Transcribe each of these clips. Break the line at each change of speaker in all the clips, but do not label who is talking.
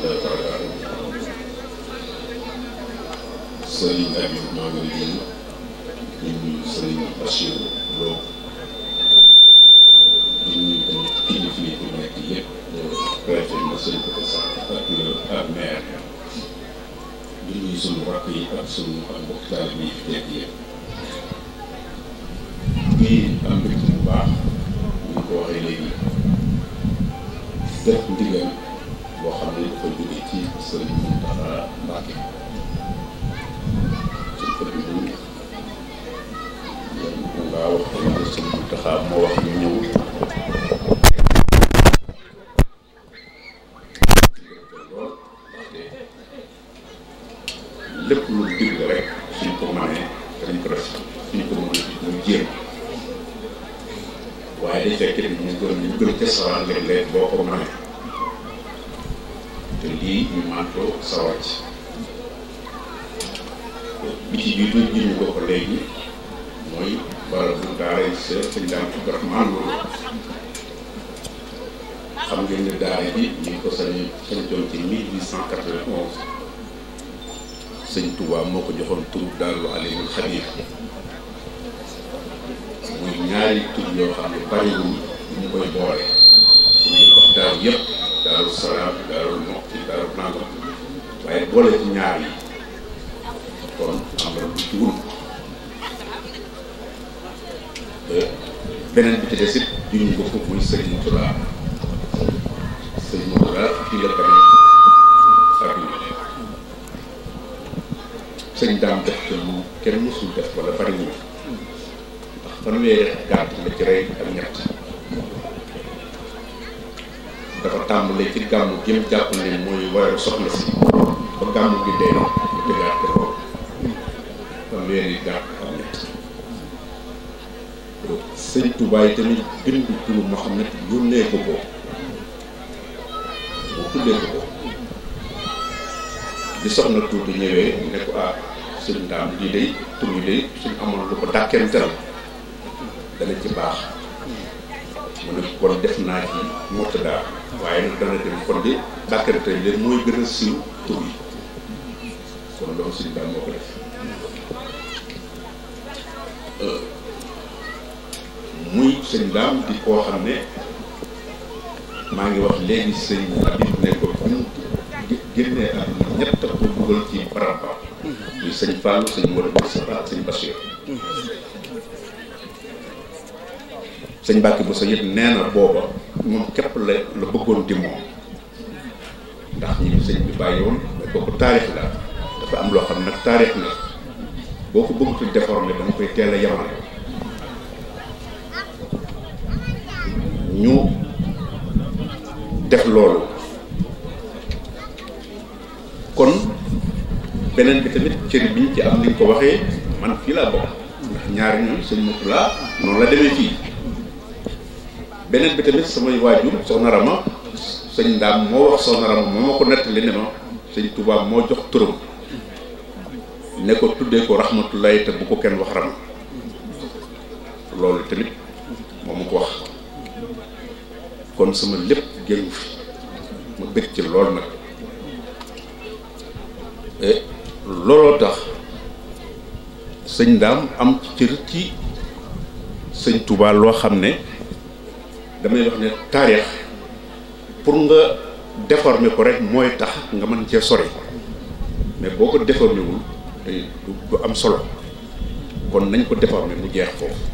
alhamdulilah rabbil
alamin sëriñ Amin ñoo ngi lay nuyu di nuyu sëriñ Bachir Lo di nuyu tamit kilifa yi fi nekk yëpp préfet ma sëriñ ko sant ak ak maire di nuyu sunu rakk yi ak sunu mbokk taalibe yi fi nekk yëpp bii am mbégte bu baax ñu ko waxee léegi def ndigal boo xam ne Sëriñ Mountakha Mbacké suñ ko defee mu ko ne lu digle suñ ko mënee dañ ko def suñ ko mënee ñu jéem waaye day fekk ñu gën ca sawar léeg-léeg boo ko mënee te lii ñu mën ko sawar ci bi ci jiitu jiwu ko ko léegi mooy barab bu daara yi sa sëñ daan Abdourahman loolu xam nga ne daara ji ñu ngi ko sañ sañtoon ci 1891 sëñ Touba moo ko joxoon turu Daaru Alimul Xabiir muy ñaari tur yoo xam ne bariwul ñu koy boole ñu ngi wax daaru yëpp daaru salaam daaru nàngam waaye boole ci ñaar yi kon engrais bi dugub beneen bi ci des it ko foofu muy sëñ Mourtada sëñ Mourtada fii la beneen ak yu sëñ daam def ci moom kenn mësul def wala bariwul ndax fanweeri gàtt la ci rey ak ñett. dafa tàmbale ci gàmmu gi mu jàpp ne mooy weeru soxna si ba gàmmu gi dee mu tëggaat ko foofu kon weeri gàtt am ñett sëñ Tuubaa yi ko ko mu ko ko di soxna tuuti ñëwee ne ko ah, suñ daam lii day tur yi suñ amul lu ko dàkkental dana ci baax mu ne kon def naa ci murtadaa waaye nag dana dem kon bi bàkkar tey leen mooy gën a siiw tur yi kon loolu suñu daal moo ko euh, muy sëñ daam di koo xam ne maa ngi wax léegi sëñ Habib ne ko bu génnee ak ñett ko dugal ci barab ba muy sëñ Fallou sëñ Modou Moustapha ak sëñ Bassirou sëñ Mbàkke Bousso yëpp nee na booba moom képp la la bëggoon di moom ndax ñi sëñ bi bàyyi woon kooku taarix la dafa am loo xam nag taarix la boo ko bëggutul déformé danga koy teel a yamale ñu def loolu kon beneen bi tamit cër bi ci am ni nga ko waxee man fii laa bokk ndax ñaari ñoom sëñ Mutula noonu la demee fii beneen bi tamit samay waajur soxna Rama sëñ Ndaam moo wax soxna Rama moo ma ko nettali ne ma sëñ Touba moo jox turam ne ko tuddee ko rahmatulahi te bu ko kenn wax Rama loolu tamit moo ma ko wax kon sama lépp génn ma bëgg ci lool nag e, looloo tax sëñ Ndaam am ci ci sëñ Touba loo xam ne. damay wax ne taarix pour nga déformer ko rek mooy tax nga mën cee sori mais boo ko déformé wul day du am solo kon nañ ko déformé mu jeex foofu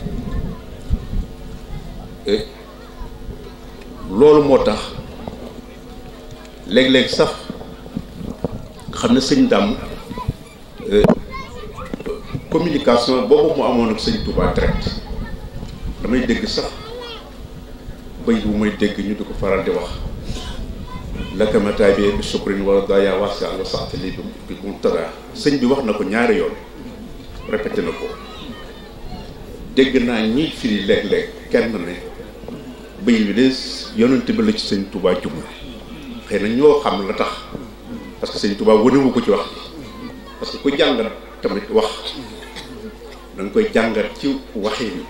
loolu moo tax léeg-léeg sax xam ne sëñ dàmm euh, communication boobu mu amoon ak sëñ Touba direct damay dégg sax bëy bu may dégg ñu du ko faral di wax lakkamataay bi bi sukrin wala daya wasa àla saxtali bi bi mu tara sëñ bi wax na ko ñaari yoon répété na ko dégg naa ñi firi léeg-léeg kenn ne bëy bi de yonent bi la ci sëñ Touba jublu xëy na ñoo xam la tax parce que sëñ Touba wënewu ko ci wax parce que ku jàngat tamit wax da koy jàngat ci waxin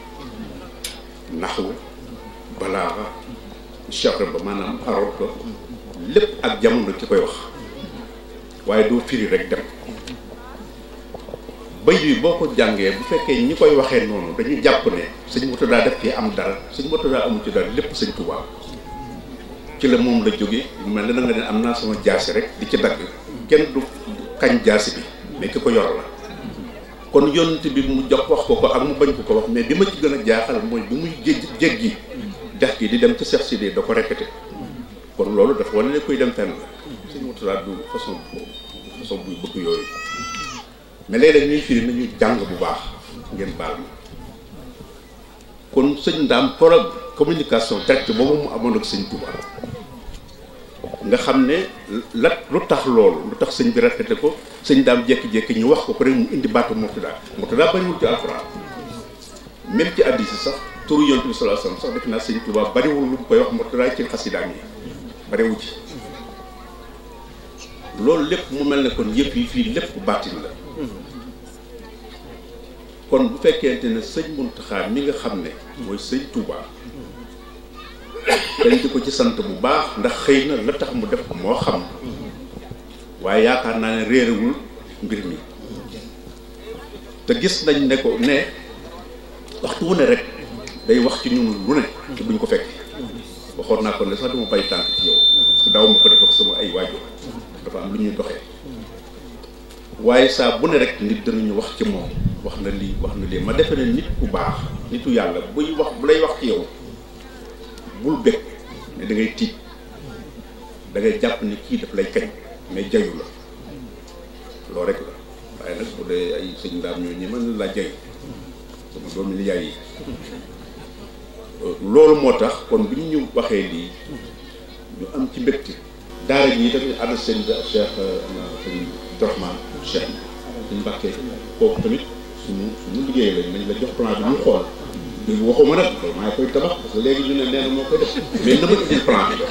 naxwu balaaxa chahram ba maanaam arot ba lépp ak jamono ci koy wax waaye doo firi rek dem bëy bi boo ko jàngee bu fekkee ñi koy waxee noonu dañuy jàpp ne sëñ Murtadaa def ci am dara sëñ Murtadaa amu ci dara lépp sëñ Tuubaa ci la moom la jóge mel na nga ne am naa sama jaasi rek di ci dagg kenn du kañ jaasi bi mais ki ko yor la kon yonent bi mu jox wax ko ko ak mu bañ ko ko wax mais bi ma ci gën a jaaxal mooy bi muy jéggi dex gi di dem ci Cheikh Sidi da ko répété kon loolu dafa wane ne koy dem fenn la suñu watulaat du façon façon buy bëgg yooyu mais léeg-léeg nañu jàng bu baax ngeen baal ma kon sëñ ndaam pro communication directe boobu mu amoon ak sëñ Touba nga xam ne la lu tax loolu lu tax sëñ bi répété ko sëñ daam jékki-jékki ñu wax ko ko rek mu indi baatu Murtada Murtada bariwul ci alxuraan même ci hadiis sax turu yonent bi sallallahu alayhi wasallam sax def naa sëñ Tuubaa bariwul lu mu koy wax motalaay ci xasidaam yi bariwu ci loolu lépp mu mel ne kon yëpp yi fii lépp baatin la kon bu fekkente ne sëñ Muntaxa mi nga xam ne mooy sëñ Tuubaa dañ di ko ci sant bu baax ndax xëy na la tax mu def ko moo xam waaye yaakaar naa ne réerewul mbir mi te gis nañ ne ko ne waxtu wu ne rek day wax ci ñun lu ne te ñu ko fekk waxoon naa ko ne sax dama bàyyi tànk ci yow ma ko sama ay waajur dafa am lu ñuy doxee waaye saa bu ne rek nit danañu wax ci moom wax na lii wax na lii ma defe ne nit ku baax nitu yàlla buy wax bu lay wax ci yow bul bëgg ne da ngay tiit jàpp ni kii daf lay kañ mais jayu la loo rek la waaye nag bu dee ay sëñ ndaam ñoo ñi mën laa jayu sama doomi nijaay yi loolu moo tax kon bi ñu ñu waxee lii ñu am ci mbégte daara ji tamit ànd seen Cheikh sëñ Dorman Cheikh suñ tamit suñu suñu liggéey lañ nañ la jox plan bi ñu xool léegi waxuma nag maa ngi koy tabax parce que léegi ñu ne nee moo koy def mais na ma indil plan bi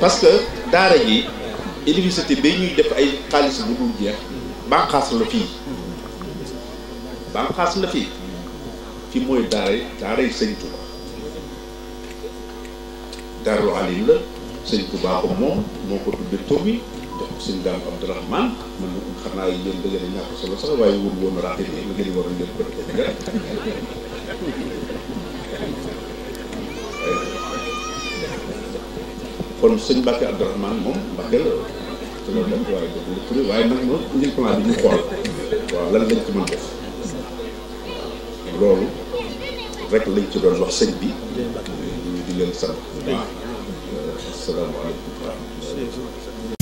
parce que daara ji université ba ñuy def ay xaalis bu dul jeex banqaas la fii banqaas la fii ci mooy daaray daaray sëñ Touba daaru alim la sëñ Touba ko moom moo ko tudde tur bi jox ko sëñ Daam Abdourahman man na xam naa yéen da ngeen a ñàkk solo sax waaye wóor woon raxi ni ngeen a jël ko def kon sëñ Mbàkke Abdourahman moom Mbàkke la te loolu waaye dëgg la waaye nag moom ngir plan bi ñu xool waaw lan lañ ci mën def loolu rek lañ ci doon wax sëñ bi ñu di leen sant waaw asalaamaaleykum